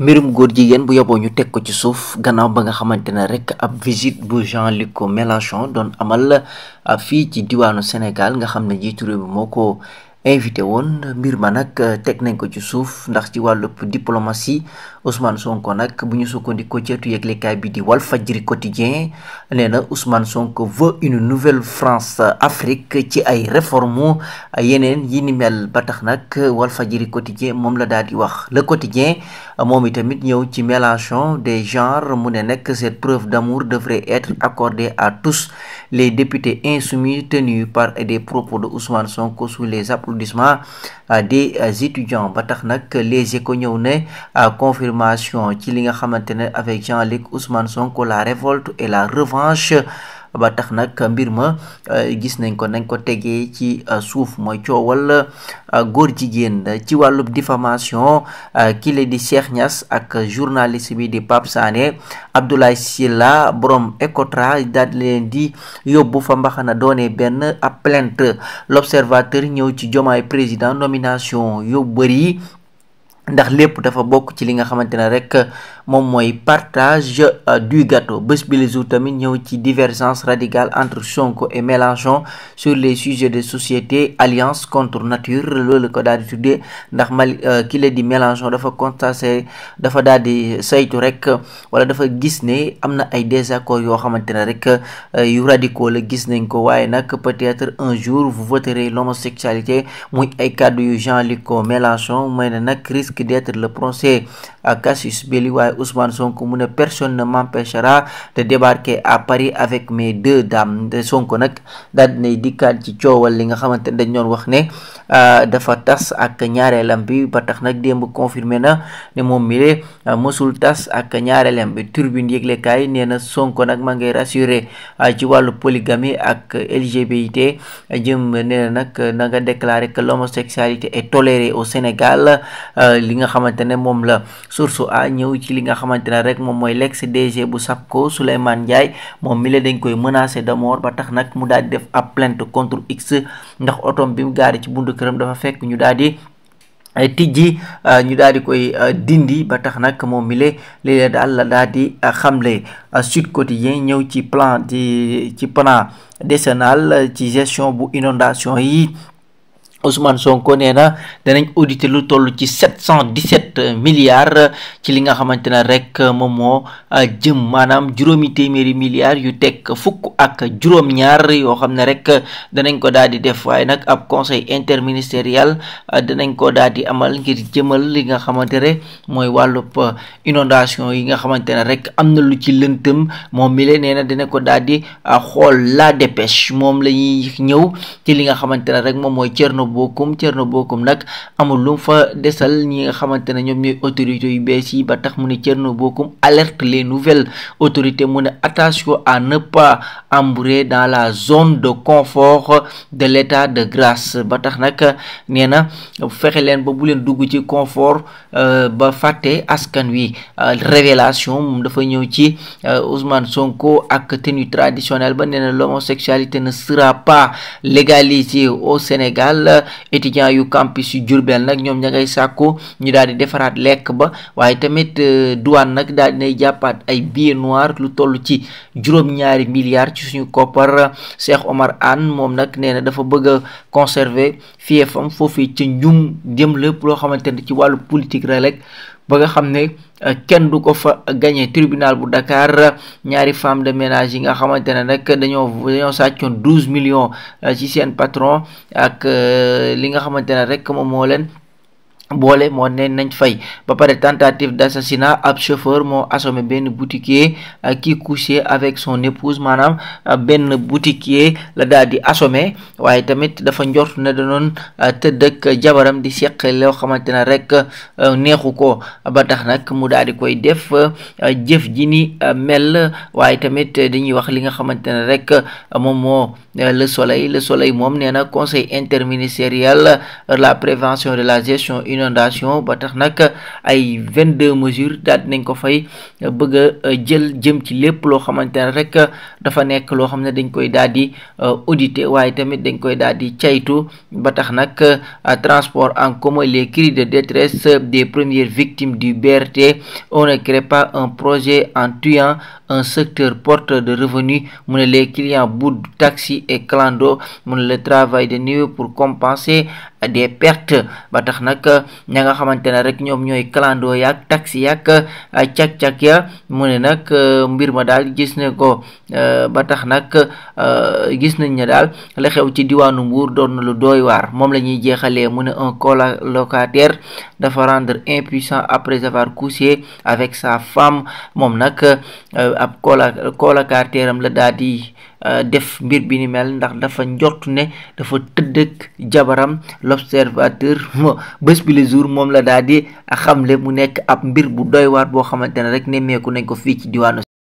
mbirum góor jigéen bu yoboo ñu teg ko ci suuf gannaaw ba nga xamante ne rek ab visite bu Jean-Luc Mélenchon doon amal ah, fii ci diwaanu Sénégal nga xam ne jiitu réew bi moo ko invité woon mbir ma nag euh, teg nañ ko ci suuf ndax ci wàllub diplomatie Ousmane Sonko nag bu ñu sukkandikoo ci ëttu yëglekaay bi di Walf Fadjri quotidien nee na Ousmane Sonko veut une nouvelle France Afrique ci ay a yeneen yi ni mel ba tax nag Walf Fadjri quotidien moom la daal di wax le quotidien moom itamit ñëw ci mélangeon des genres mu ne nag cette preuve d'amour devrait être accordée à tous les députés insoumis tenus par des propos de Ousmane Sonko sous les applaudissement euh, des euh, étudiants ba tax nag les échos ñëw ne euh, confirmation ci li nga xamante ne avec Jean-Luc Ousmane Sonko la révolte et la revanche ba tax nag mbir ma euh, gis nañ ko nañ ko tegee ci euh, suuf mooy coowal euh, góor jigéen ci wàllub diffamation kile di Cheikh Niass ak journaliste bi di Pape Sané Abdoulaye Sylla borom Ecotra daal di leen di yóbbu fa mbaxana doone benn ab plainte l'observateur ñëw ci jomaay président nomination yu bëri ndax lépp dafa bokk ci li nga xamante ne rek moom mooy partage euh, du gâteau bés bi les tamit ñëw ci diversance radicale entre Sonko et Mélenchon sur les sujets de société alliance contre nature loolu ko daal di tuddee ndax mal euh, ki di Mélenchon dafa constaté dafa daal di saytu rek wala dafa gis ni am na ay désaccords yoo xamante ne rek euh, yu radicaux la gis nañ ko waaye nag peut-être un jour vous voterez l'homosexualité muy ay kàddu yu Jean-Luc Mélenchon mooy risque d'être le procès à Cassius Belli waaye Ousmane Sonko mu ne personne ne m'empêchera de débarquer à Paris avec mes deux dames de Sonko nag daal dinay dikkaat ci coowal li nga xamante ne dañ doon wax ne Euh, dafa tas ak ñaareelam bi ba tax nag démb confirmé na ne moom mi euh, mësul tas ak ñaareelam bi turbine yëglekaay nee na Sonko nag ma ngay rassuré euh, ci wàllu polygamie ak LGBT jëm nee na nag na nga déclaré que l'homosexualité et tolérée au Sénégal li nga xamante ne moom la source a ñëw ci li nga xamante ne rek moom mooy l'ex DG bu SAPCO Souleymane Ndiaye moom mi la dañ koy menacé de mort ba tax nag mu daal di def ab plainte contre X ndax otom bi mu gaari ci këram dafa fekk ñu daal di eh, tijji eh, ñu daal di koy eh, dindi ba tax nag moom mile le léeg daal la daal di xamle Sud Quotidien ñëw ci plan di ci plan décennal ci gestion bu inondation yi Ousmane Sonko nee na danañ auditer lu toll ci sept cent dix-sept milliards ci li nga xamante ne rek moom moo euh, jëm maanaam juróomi téeméeri milliards yu teg fukk ak juróom-ñaar yoo xam ne rek danañ ko daal di def waaye nag ab conseil interministériel euh, danañ ko daal di amal ngir jëmal li nga xamante ne mooy wàllub euh, inondation yi nga xamante ne rek am na lu ci lëntëm moom mi la nee na dina ko daal di xool la dépêche moom la ñuy ñëw ci li nga xamante ne rek moom mooy Thierno Bocoum Thierno Bocoum nag amul lu fa desal ñi nga xamante ne ñoom ñooy autorités yu bees ba tax mu ne Thierno Bocoum alert les nouvelles autorité mu ne attention à ne pas embourrer dans la zone de confort de l'état de grâce ba tax nag nee na fexe leen ba bu leen dugg ci confort euh, ba fàtte askan wi euh, révélation moom dafa ñëw ci euh, Ousmane Sonko ak tenue traditionnelle ba nee l'homosexualité ne sera pas légalisée au Sénégal étudiants yu campus yu Diourbel nag ñoom ña ngay sàkku ñu daal di defaraat lekk ba waaye tamit euh, duwaan nag daal nay jàppaat ay billets lu toll ci juróom-ñaari milliards ci suñu koppar Cheikh Omar Anne moom nag nee na dafa bëgg a conserver fiefam foofee ca njum jëm lépp loo xamante ni ci wàllu politique rek ba nga xam ne euh, kenn du ko fa gagné tribunal bu Dakar ñaari femme de ménage yi nga xamante ne nag dañoo dañoo sàccoon douze millions euh, ci seen patron ak euh, li nga xamante ne rek moom moo leen boole moo neen nañ fay ba pare tentative d'assassinat ab chauffeur moo assommé benn boutiquier euh, qui couchait avec son épouse maanaam euh, benn boutiquier la daal di assommé waaye tamit dafa njort na danoon euh, tëdd ak jabaram di seq loo xamante ne rek neexu ko ba tax nag mu daal di koy def jëf ji ni mel waaye tamit dañuy wax li nga xamante ne rek moom moo le soleil le soleil moom nee na conseil interministériel la prévention de la gestion inondation ba tax nag ay vingt-deux mesures daal nañ ko fay bëgg euh, jël jëm ci lépp loo xamante ne rek dafa nekk loo xam ne dañ koy daal di euh, auditer waaye tamit dañ koy daal di caytu ba tax nag euh, transport en commun les cris de détresse des premières victimes du BRT on ne crée un projet en tuant un secteur porteur de revenus mu ne les clients bout taxi et clando mu ne le de nuit pour compenser des perte ba tax nag ña nga xamante ne rek ñoom ñooy clando yaag taxi yaag cak-cak ya mu ne nag mbir ma daal gis ne ko eh, ba tax nag eh, gis nañ ne daal la xew ci diwaanu Mbuur doon lu doy waar moom la ñuy jeexalee mu ne un colocataire dafa rendre impuissant après avoir couché avec sa femme moom nag eh, ab colocataire la daal di Euh, def mbir bi ni mel ndax dafa njot ne dafa tëdd jabaram l'observateur bés bi le jour moom la daal di xamle mu nekk ab mbir bu doy waat boo xamante ne rek nemmeeku nañ ko fii ci diwaanu